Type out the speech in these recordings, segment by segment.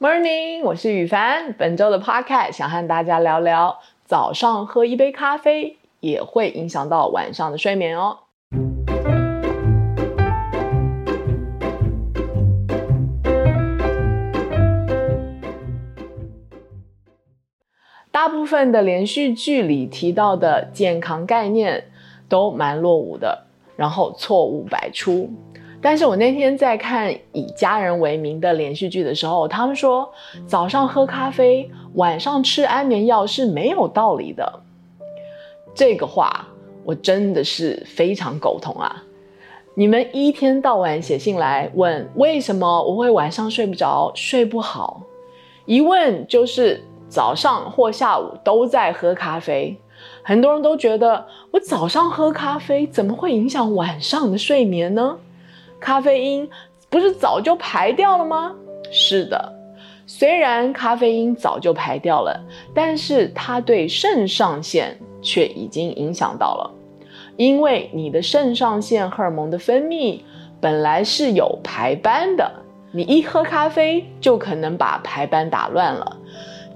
Morning，我是宇凡。本周的 Podcast 想和大家聊聊，早上喝一杯咖啡也會影響到晚上的睡眠哦。大部分的連續劇裡提到的健康概念都蠻落伍的，然後錯誤百出。但是我那天在看以家人為名的連續劇的時候，他們說早上喝咖啡，晚上吃安眠藥是沒有道理的。這個話我真的是非常苟同啊！你們一天到晚寫信來問為什麼我會晚上睡不着、睡不好，一問就是早上或下午都在喝咖啡。很多人都覺得我早上喝咖啡怎麼會影響晚上的睡眠呢？咖啡因不是早就排掉了嗎？是的，雖然咖啡因早就排掉了，但是它對腎上腺卻已經影響到了，因為你的腎上腺荷爾蒙的分泌本來是有排班的，你一喝咖啡就可能把排班打亂了。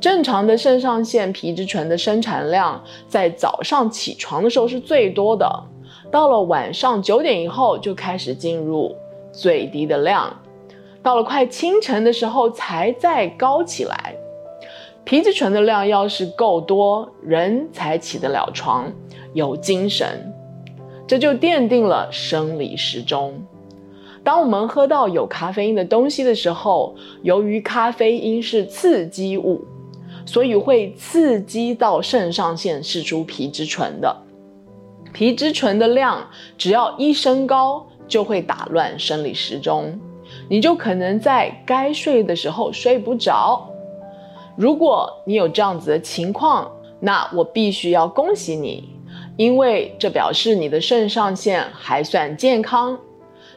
正常的腎上腺皮質醇的生產量在早上起床的時候是最多的。到了晚上九點以後，就開始進入最低的量，到了快清晨的時候才再高起來。皮質醇的量要是夠多，人才起得了床，有精神。這就奠定了生理時鐘。當我們喝到有咖啡因的東西的時候，由於咖啡因是刺激物，所以會刺激到腎上腺，釋出皮質醇的。皮質醇的量只要一升高，就會打亂生理時鐘，你就可能在該睡的時候睡不着。如果你有這樣子的情況，那我必須要恭喜你，因為這表示你的腎上腺還算健康。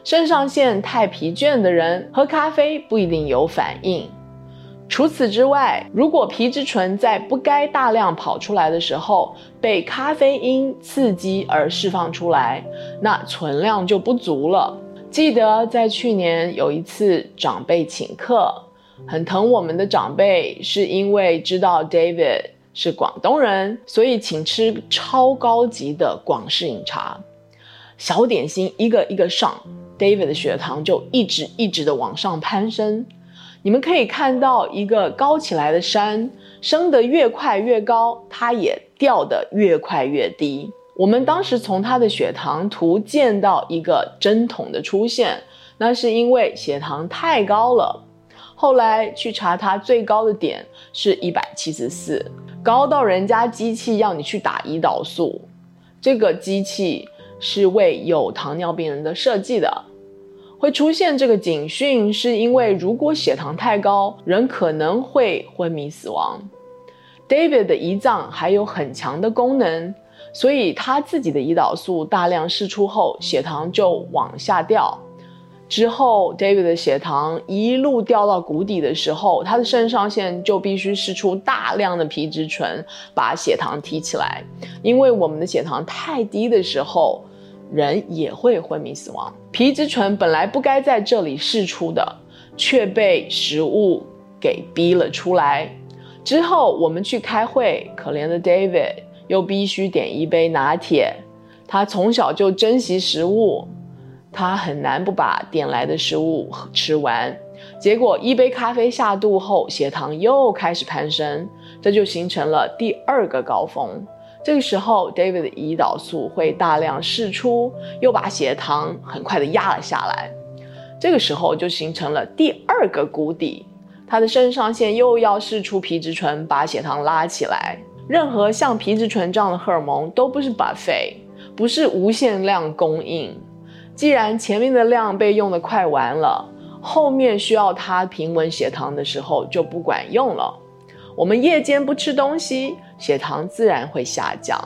腎上腺太疲倦的人，喝咖啡不一定有反應。除此之外，如果皮質醇在不該大量跑出來的時候被咖啡因刺激而釋放出來，那存量就不足了。記得在去年有一次長輩請客，很疼我們的長輩，是因為知道 David 是廣東人，所以請吃超高級的廣式飲茶，小點心一個一個上，David 的血糖就一直一直的往上攀升。你們可以看到一個高起來的山，升得越快越高，它也掉得越快越低。我們當時從他的血糖圖見到一個針筒的出現，那是因為血糖太高了。後來去查他最高的點是174，高到人家機器要你去打胰島素。這個機器是為有糖尿病人的設計的。會出現這個警訊，是因為如果血糖太高，人可能會昏迷死亡。David 的胰臟還有很強的功能，所以他自己的胰島素大量釋出後，血糖就往下掉。之後，David 的血糖一路掉到谷底的時候，他的腎上腺就必須釋出大量的皮質醇，把血糖提起來。因為我們的血糖太低的時候，人也會昏迷死亡。皮質醇本來不該在這裡釋出的，卻被食物給逼了出來。之後我們去開會，可憐的 David 又必須點一杯拿鐵。他從小就珍惜食物，他很難不把點來的食物吃完。結果一杯咖啡下肚後，血糖又開始攀升，這就形成了第二個高峰。這個時候，David 的胰島素會大量釋出，又把血糖很快的壓了下來。這個時候就形成了第二個谷底，他的腎上腺又要釋出皮質醇，把血糖拉起來。任何像皮質醇這樣的荷爾蒙都不是 buffet，不是無限量供應。既然前面的量被用的快完了，後面需要它平穩血糖的時候就不管用了。我們夜間不吃東西，血糖自然會下降。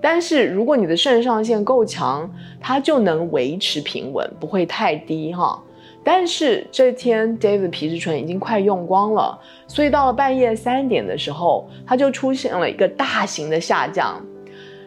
但是如果你的腎上腺夠強，它就能維持平穩，不會太低哈。但是這天 David 皮質醇已經快用光了，所以到了半夜三點的時候，它就出現了一個大型的下降。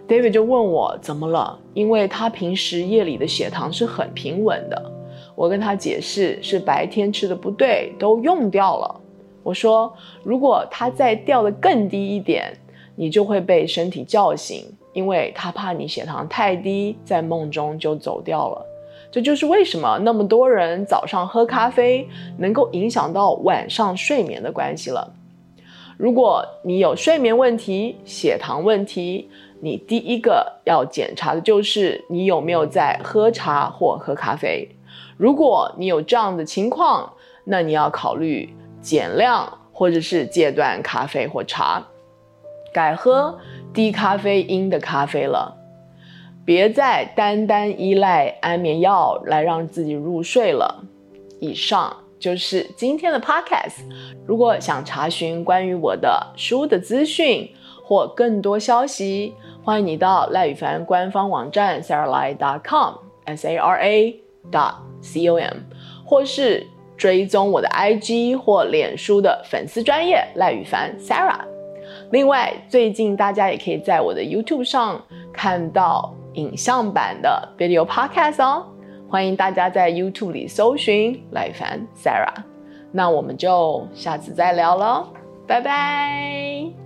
David 就問我怎麼了，因為他平時夜裡的血糖是很平穩的。我跟他解釋是白天吃的不對，都用掉了。我說，如果它再掉得更低一點，你就會被身體叫醒，因為它怕你血糖太低，在夢中就走掉了。這就是為什麼那麼多人早上喝咖啡能夠影響到晚上睡眠的關係了。如果你有睡眠問題、血糖問題，你第一個要檢查的就是你有沒有在喝茶或喝咖啡。如果你有這樣的情況，那你要考慮，減量，或者是戒斷咖啡或茶，改喝低咖啡因的咖啡了。別再單單依賴安眠藥來讓自己入睡了。以上就是今天的 Podcast。如果想查詢關於我的書的資訊或更多消息，歡迎你到賴宇凡官方網站 saralye.com，saralye.com，S-A-R-A dot C-O-M，或是。追蹤我的 IG 或臉書的粉絲專頁賴宇凡 Sara。另外，最近大家也可以在我的 YouTube 上看到影像版的 Video Podcast 哦。歡迎大家在 YouTube 裡搜尋賴宇凡 Sara。那我們就下次再聊囉，拜拜。